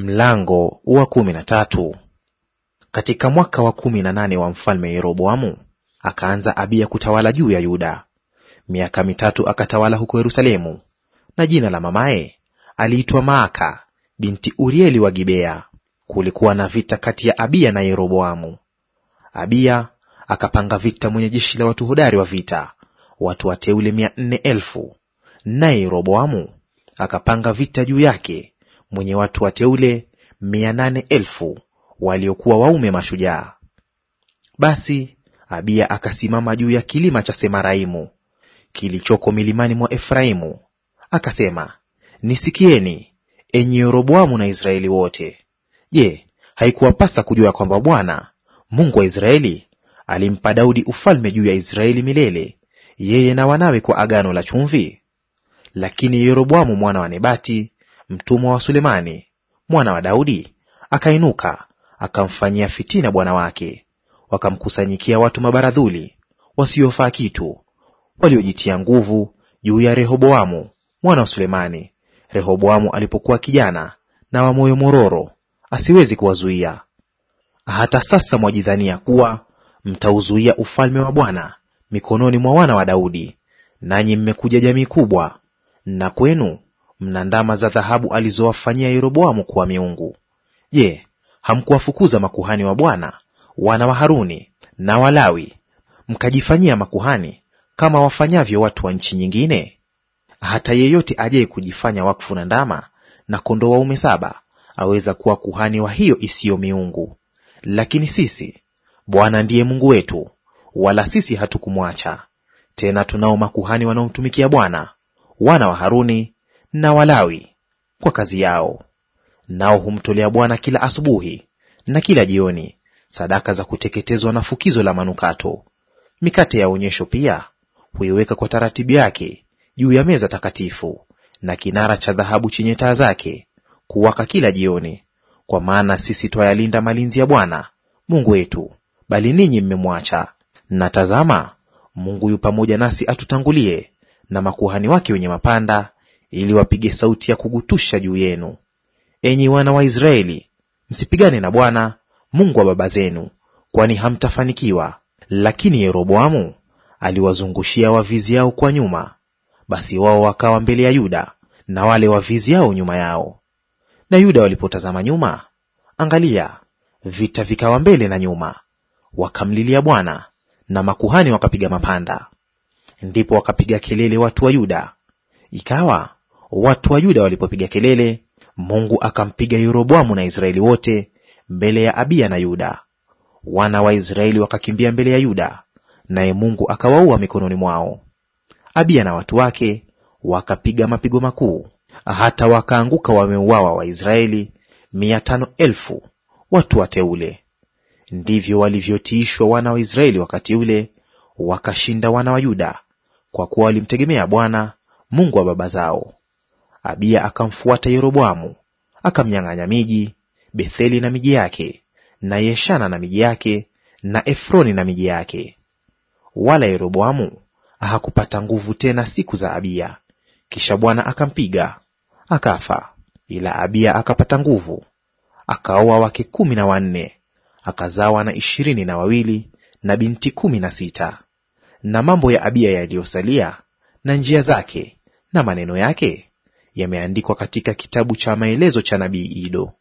Mlango wa kumi na tatu. Katika mwaka wa kumi na nane wa mfalme Yeroboamu akaanza Abiya kutawala juu ya Yuda, miaka mitatu akatawala huko Yerusalemu. Na jina la mamaye aliitwa Maaka binti Urieli wa Gibea. Kulikuwa na vita kati ya Abiya na Yeroboamu. Abiya akapanga vita mwenye jeshi la watu hodari wa vita, watu wateule mia nne elfu, naye Yeroboamu akapanga vita juu yake mwenye watu wateule mia nane elfu waliokuwa waume mashujaa. Basi Abiya akasimama juu ya kilima cha Semaraimu kilichoko milimani mwa Efraimu, akasema, Nisikieni, enyi Yeroboamu na Israeli wote. Je, haikuwapasa kujua kwamba Bwana Mungu wa Israeli alimpa Daudi ufalme juu ya Israeli milele, yeye na wanawe kwa agano la chumvi? Lakini Yeroboamu mwana wa Nebati mtumwa wa Sulemani mwana wa Daudi akainuka akamfanyia fitina bwana wake. Wakamkusanyikia watu mabaradhuli wasiofaa kitu, waliojitia nguvu juu ya Rehoboamu mwana wa Sulemani. Rehoboamu alipokuwa kijana na wa moyo mororo, asiwezi kuwazuia. Hata sasa mwajidhania kuwa mtauzuia ufalme wa Bwana mikononi mwa wana wa Daudi, nanyi mmekuja jamii kubwa, na kwenu mna ndama za dhahabu alizowafanyia Yeroboamu kuwa miungu. Je, hamkuwafukuza makuhani wa Bwana wana wa Haruni na Walawi, mkajifanyia makuhani kama wafanyavyo watu wa nchi nyingine? Hata yeyote ajaye kujifanya wakfu na ndama na kondoo waume saba aweza kuwa kuhani wa hiyo isiyo miungu. Lakini sisi, Bwana ndiye Mungu wetu, wala sisi hatukumwacha. Tena tunao makuhani wanaomtumikia Bwana, wana wa Haruni na Walawi kwa kazi yao, nao humtolea Bwana kila asubuhi na kila jioni sadaka za kuteketezwa na fukizo la manukato. Mikate ya onyesho pia huiweka kwa taratibu yake juu ya meza takatifu, na kinara cha dhahabu chenye taa zake kuwaka kila jioni. Kwa maana sisi twayalinda malinzi ya Bwana Mungu wetu, bali ninyi mmemwacha. Na tazama, Mungu yu pamoja nasi atutangulie, na makuhani wake wenye mapanda ili wapige sauti ya kugutusha juu yenu. Enyi wana wa Israeli, msipigane na Bwana Mungu wa baba zenu, kwani hamtafanikiwa. Lakini Yeroboamu aliwazungushia wavizi yao kwa nyuma, basi wao wakawa mbele ya Yuda na wale wavizi yao nyuma yao. Na Yuda walipotazama nyuma, angalia, vita vikawa mbele na nyuma, wakamlilia Bwana na makuhani wakapiga mapanda. Ndipo wakapiga kelele watu wa Yuda, ikawa Watu wa Yuda walipopiga kelele, Mungu akampiga Yeroboamu na Israeli wote mbele ya Abiya na Yuda. Wana wa Israeli wakakimbia mbele ya Yuda, naye Mungu akawaua mikononi mwao. Abiya na watu wake wakapiga mapigo makuu, hata wakaanguka wameuawa Waisraeli mia tano elfu watu wateule. Ndivyo walivyotiishwa wana wa Israeli wakati ule, wakashinda wana wa Yuda, kwa kuwa walimtegemea Bwana Mungu wa baba zao. Abia akamfuata Yeroboamu, akamnyang'anya miji Betheli na miji yake, na Yeshana na miji yake, na Efroni na miji yake. Wala Yeroboamu hakupata nguvu tena siku za Abiya. Kisha Bwana akampiga akafa, ila Abiya akapata nguvu, akaoa wake kumi na wanne, akazawa na ishirini na wawili na binti kumi na sita. Na mambo ya Abiya yaliyosalia na njia zake na maneno yake yameandikwa katika kitabu cha maelezo cha nabii Ido.